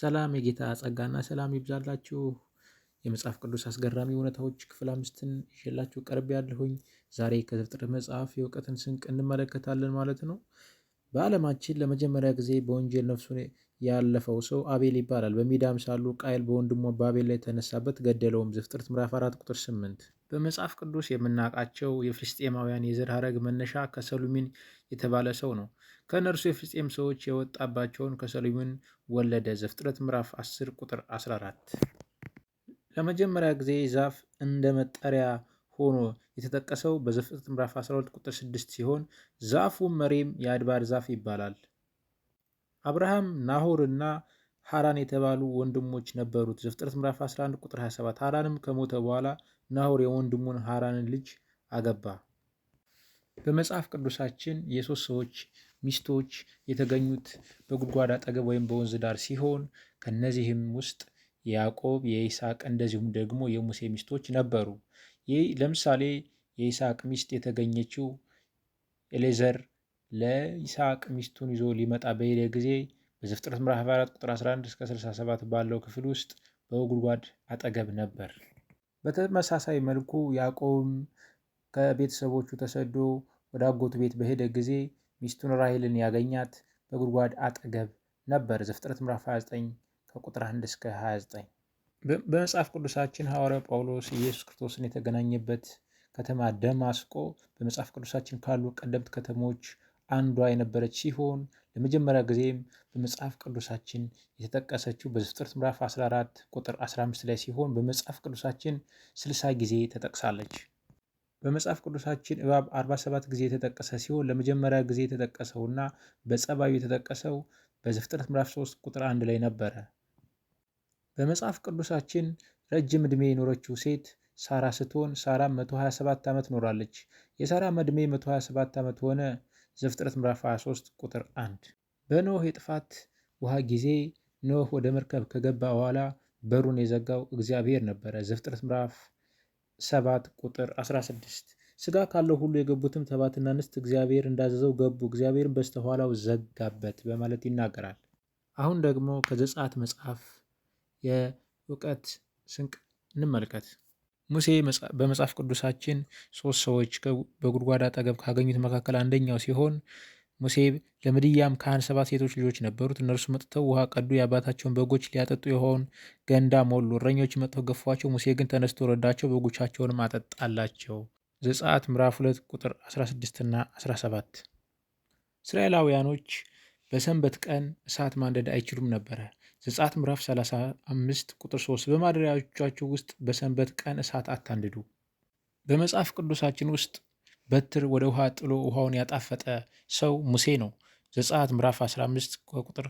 ሰላም የጌታ ጸጋና ሰላም ይብዛላችሁ። የመጽሐፍ ቅዱስ አስገራሚ እውነታዎች ክፍል አምስትን ይዤላችሁ ቀርብ ያለሁኝ ዛሬ ከዘፍጥረት መጽሐፍ የእውቀትን ስንቅ እንመለከታለን ማለት ነው። በዓለማችን ለመጀመሪያ ጊዜ በወንጀል ነፍሱን ያለፈው ሰው አቤል ይባላል። በሚዳም ሳሉ ቃየል በወንድሞ በአቤል ላይ ተነሳበት፣ ገደለውም። ዘፍጥረት ምዕራፍ 4 ቁጥር 8። በመጽሐፍ ቅዱስ የምናውቃቸው የፍልስጤማውያን የዘር ሐረግ መነሻ ከሰሉሚን የተባለ ሰው ነው። ከእነርሱ የፍልስጤም ሰዎች የወጣባቸውን ከሰልዩን ወለደ። ዘፍጥረት ምዕራፍ 10 ቁጥር 14 ለመጀመሪያ ጊዜ ዛፍ እንደ መጠሪያ ሆኖ የተጠቀሰው በዘፍጥረት ምዕራፍ 12 ቁጥር 6 ሲሆን ዛፉ መሪም የአድባር ዛፍ ይባላል። አብርሃም ናሆር እና ሐራን የተባሉ ወንድሞች ነበሩት። ዘፍጥረት ምዕራፍ 11 ቁጥር 27 ሐራንም ከሞተ በኋላ ናሆር የወንድሙን ሐራንን ልጅ አገባ። በመጽሐፍ ቅዱሳችን የሶስት ሰዎች ሚስቶች የተገኙት በጉድጓድ አጠገብ ወይም በወንዝ ዳር ሲሆን ከእነዚህም ውስጥ የያዕቆብ፣ የይስሐቅ እንደዚሁም ደግሞ የሙሴ ሚስቶች ነበሩ። ይህ ለምሳሌ የይስሐቅ ሚስት የተገኘችው ኤሌዘር ለይስሐቅ ሚስቱን ይዞ ሊመጣ በሄደ ጊዜ በዘፍጥረት ምዕራፍ 24 ቁጥር 11 እስከ 67 ባለው ክፍል ውስጥ በጉድጓድ አጠገብ ነበር። በተመሳሳይ መልኩ ያዕቆብም ከቤተሰቦቹ ተሰዶ ወደ አጎቱ ቤት በሄደ ጊዜ ሚስቱን ራሄልን ያገኛት በጉድጓድ አጠገብ ነበር። ዘፍጥረት ምዕራፍ 29 ከቁጥር 1 እስከ 29። በመጽሐፍ ቅዱሳችን ሐዋርያው ጳውሎስ ኢየሱስ ክርስቶስን የተገናኘበት ከተማ ደማስቆ በመጽሐፍ ቅዱሳችን ካሉ ቀደምት ከተሞች አንዷ የነበረች ሲሆን ለመጀመሪያ ጊዜም በመጽሐፍ ቅዱሳችን የተጠቀሰችው በዘፍጥረት ምዕራፍ 14 ቁጥር 15 ላይ ሲሆን በመጽሐፍ ቅዱሳችን 60 ጊዜ ተጠቅሳለች። በመጽሐፍ ቅዱሳችን እባብ 47 ጊዜ የተጠቀሰ ሲሆን ለመጀመሪያ ጊዜ የተጠቀሰውና በጸባዩ የተጠቀሰው በዘፍጥረት ምዕራፍ 3 ቁጥር 1 ላይ ነበረ። በመጽሐፍ ቅዱሳችን ረጅም ዕድሜ የኖረችው ሴት ሳራ ስትሆን ሳራ 127 ዓመት ኖራለች። የሳራ ዕድሜ 127 ዓመት ሆነ። ዘፍጥረት ምዕራፍ 23 ቁጥር 1። በኖህ የጥፋት ውሃ ጊዜ ኖህ ወደ መርከብ ከገባ በኋላ በሩን የዘጋው እግዚአብሔር ነበረ። ዘፍጥረት ምዕራፍ ሰባት ቁጥር 16 ስጋ ካለው ሁሉ የገቡትም ተባትና እንስት እግዚአብሔር እንዳዘዘው ገቡ፣ እግዚአብሔርን በስተኋላው ዘጋበት በማለት ይናገራል። አሁን ደግሞ ከዘጸአት መጽሐፍ የእውቀት ስንቅ እንመልከት። ሙሴ በመጽሐፍ ቅዱሳችን ሶስት ሰዎች በጉድጓድ አጠገብ ካገኙት መካከል አንደኛው ሲሆን ሙሴ ለምድያም ካህን ሰባት ሴቶች ልጆች ነበሩት። እነርሱ መጥተው ውሃ ቀዱ፣ የአባታቸውን በጎች ሊያጠጡ የሆን ገንዳ ሞሉ። እረኞች መጥተው ገፏቸው፣ ሙሴ ግን ተነስቶ ረዳቸው፣ በጎቻቸውንም አጠጣላቸው። ዘጸአት ምዕራፍ 2 ቁጥር 16ና 17 እስራኤላውያኖች በሰንበት ቀን እሳት ማንደድ አይችሉም ነበረ። ዘጸአት ምዕራፍ 35 ቁጥር 3 በማደሪያዎቻችሁ ውስጥ በሰንበት ቀን እሳት አታንድዱ። በመጽሐፍ ቅዱሳችን ውስጥ በትር ወደ ውሃ ጥሎ ውሃውን ያጣፈጠ ሰው ሙሴ ነው። ዘጸአት ምዕራፍ 15 ቁጥር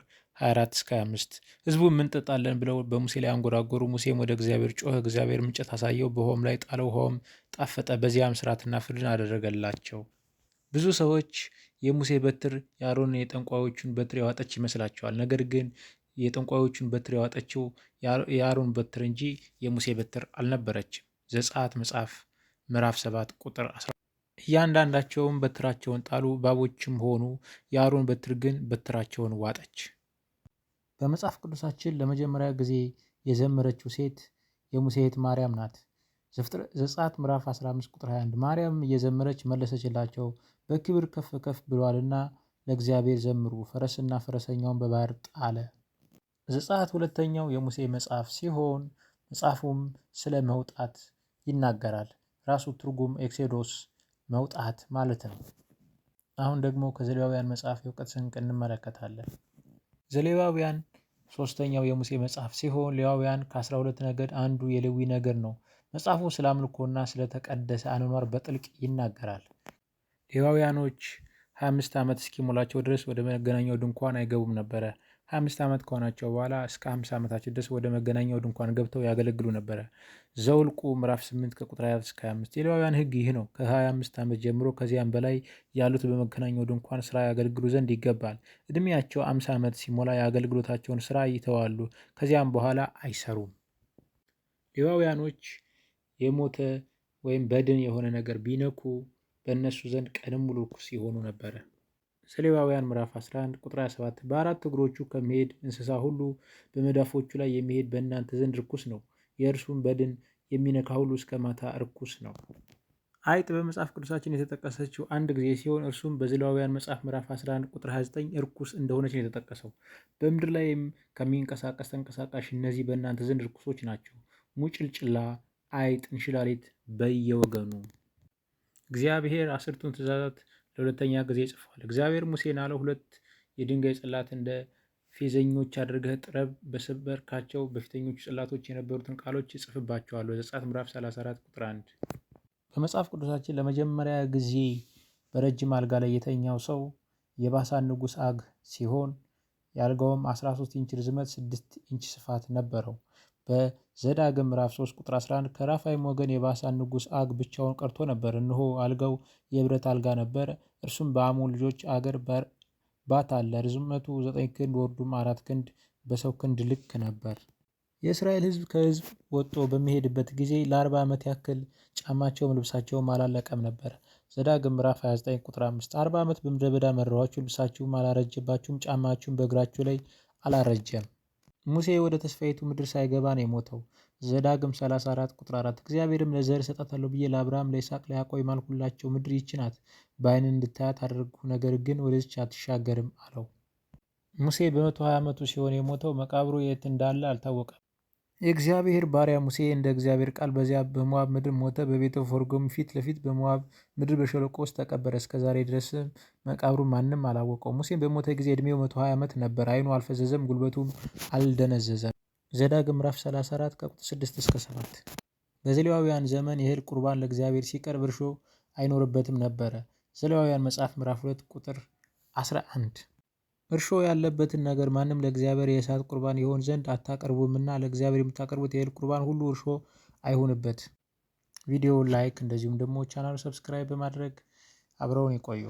24 እስከ 25 ህዝቡ የምንጠጣለን ብለው በሙሴ ላይ አንጎራጎሩ። ሙሴም ወደ እግዚአብሔር ጮኸ። እግዚአብሔር እንጨት አሳየው፣ በውሃውም ላይ ጣለ ውሃውም ጣፈጠ። በዚያም ስርዓትና ፍርድን አደረገላቸው። ብዙ ሰዎች የሙሴ በትር የአሮን የጠንቋዮቹን በትር ያዋጠች ይመስላቸዋል። ነገር ግን የጠንቋዮቹን በትር ያዋጠችው የአሮን በትር እንጂ የሙሴ በትር አልነበረችም። ዘጸአት መጽሐፍ ምዕራፍ 7 ቁጥር እያንዳንዳቸውም በትራቸውን ጣሉ። እባቦችም ሆኑ። የአሮን በትር ግን በትራቸውን ዋጠች። በመጽሐፍ ቅዱሳችን ለመጀመሪያ ጊዜ የዘመረችው ሴት የሙሴ እህት ማርያም ናት። ዘጸአት ምዕራፍ 15 ቁጥር 21 ማርያም እየዘመረች መለሰችላቸው፣ በክብር ከፍ ከፍ ብሏልና ለእግዚአብሔር ዘምሩ፣ ፈረስና ፈረሰኛውን በባህር ጣለ። ዘጸአት ሁለተኛው የሙሴ መጽሐፍ ሲሆን መጽሐፉም ስለ መውጣት ይናገራል። ራሱ ትርጉም ኤክሴዶስ መውጣት ማለት ነው። አሁን ደግሞ ከዘሌዋውያን መጽሐፍ የእውቀት ስንቅ እንመለከታለን። ዘሌዋውያን ሶስተኛው የሙሴ መጽሐፍ ሲሆን ሌዋውያን ከአስራ ሁለት ነገድ አንዱ የሌዊ ነገድ ነው። መጽሐፉ ስለ አምልኮና ስለተቀደሰ አኗኗር በጥልቅ ይናገራል። ሌዋውያኖች ሃያ አምስት ዓመት እስኪሞላቸው ድረስ ወደ መገናኛው ድንኳን አይገቡም ነበረ ሃያ አምስት ዓመት ከሆናቸው በኋላ እስከ ሃምሳ ዓመታቸው ድረስ ወደ መገናኛው ድንኳን ገብተው ያገለግሉ ነበረ። ዘውልቁ ምዕራፍ 8 ከቁጥር 24 እስከ 25 የሌዋውያን ሕግ ይህ ነው። ከ25 ዓመት ጀምሮ ከዚያም በላይ ያሉት በመገናኛው ድንኳን ስራ ያገለግሉ ዘንድ ይገባል። እድሜያቸው 50 ዓመት ሲሞላ የአገልግሎታቸውን ሥራ ይተዋሉ፣ ከዚያም በኋላ አይሰሩም። ሌዋውያኖች የሞተ ወይም በድን የሆነ ነገር ቢነኩ በእነሱ ዘንድ ቀንም ሙሉ ርኩስ ይሆኑ ነበረ። ሰሌዋውያን ምዕራፍ 11 ቁጥር 27 በአራት እግሮቹ ከሚሄድ እንስሳ ሁሉ በመዳፎቹ ላይ የሚሄድ በእናንተ ዘንድ ርኩስ ነው፣ የእርሱም በድን የሚነካ ሁሉ እስከ ማታ ርኩስ ነው። አይጥ በመጽሐፍ ቅዱሳችን የተጠቀሰችው አንድ ጊዜ ሲሆን እርሱም በዘሌዋውያን መጽሐፍ ምዕራፍ 11 ቁጥር 29 እርኩስ እንደሆነች ነው የተጠቀሰው። በምድር ላይም ከሚንቀሳቀስ ተንቀሳቃሽ እነዚህ በእናንተ ዘንድ ርኩሶች ናቸው፣ ሙጭልጭላ፣ አይጥ፣ እንሽላሊት በየወገኑ እግዚአብሔር አስርቱን ትእዛዛት ለሁለተኛ ጊዜ ጽፏል። እግዚአብሔር ሙሴን አለው፣ ሁለት የድንጋይ ጽላት እንደ ፌዘኞች አድርገህ ጥረብ፣ በሰበርካቸው በፊተኞቹ ጽላቶች የነበሩትን ቃሎች ይጽፍባቸዋለሁ። ዘጸአት ምዕራፍ 34 ቁጥር 1። በመጽሐፍ ቅዱሳችን ለመጀመሪያ ጊዜ በረጅም አልጋ ላይ የተኛው ሰው የባሳን ንጉሥ አግ ሲሆን የአልጋውም 13 ኢንች ርዝመት 6 ኢንች ስፋት ነበረው። በዘዳግም ምዕራፍ 3 ቁጥር 11 ከራፋይም ወገን የባሳን ንጉሥ አግ ብቻውን ቀርቶ ነበር። እንሆ አልጋው የብረት አልጋ ነበር። እርሱም በአሞን ልጆች አገር አለ። ርዝመቱ ዘጠኝ ክንድ ወርዱም አራት ክንድ በሰው ክንድ ልክ ነበር። የእስራኤል ሕዝብ ከሕዝብ ወጥቶ በሚሄድበት ጊዜ ለአርባ ዓመት ያክል ጫማቸውም ልብሳቸውም አላለቀም ነበር። ዘዳግም ምዕራፍ 29 ቁጥር 5 አርባ ዓመት በምድረ በዳ መራኋችሁ፣ ልብሳችሁም አላረጀባችሁም፣ ጫማችሁም በእግራችሁ ላይ አላረጀም። ሙሴ ወደ ተስፋይቱ ምድር ሳይገባ ነው የሞተው። ዘዳግም 34 ቁጥር 4 እግዚአብሔርም ለዘር እሰጣታለሁ ብዬ ለአብርሃም ለይስሐቅ ለያዕቆብ የማልኩላቸው ምድር ይህች ናት፣ በዓይን እንድታያት አደረግሁ፣ ነገር ግን ወደዚች አትሻገርም አለው። ሙሴ በመቶ 120 ዓመቱ ሲሆን የሞተው መቃብሩ የት እንዳለ አልታወቀም። የእግዚአብሔር ባሪያ ሙሴ እንደ እግዚአብሔር ቃል በዚያ በሞዓብ ምድር ሞተ። በቤተ ፎርጎም ፊት ለፊት በሞዓብ ምድር በሸለቆ ውስጥ ተቀበረ። እስከዛሬ ድረስ መቃብሩ ማንም አላወቀው። ሙሴም በሞተ ጊዜ እድሜው 120 ዓመት ነበር። ዓይኑ አልፈዘዘም፣ ጉልበቱም አልደነዘዘም። ዘዳግም ምዕራፍ 34 ከቁጥር 6 እስከ 7። በዘሌዋውያን ዘመን የእህል ቁርባን ለእግዚአብሔር ሲቀርብ እርሾ አይኖርበትም ነበረ። ዘሌዋውያን መጽሐፍ ምዕራፍ 2 ቁጥር 11 እርሾ ያለበትን ነገር ማንም ለእግዚአብሔር የእሳት ቁርባን ይሆን ዘንድ አታቀርቡምና ለእግዚአብሔር የምታቀርቡት የእህል ቁርባን ሁሉ እርሾ አይሁንበት። ቪዲዮ ላይክ እንደዚሁም ደግሞ ቻናል ሰብስክራይብ በማድረግ አብረውን ይቆዩ።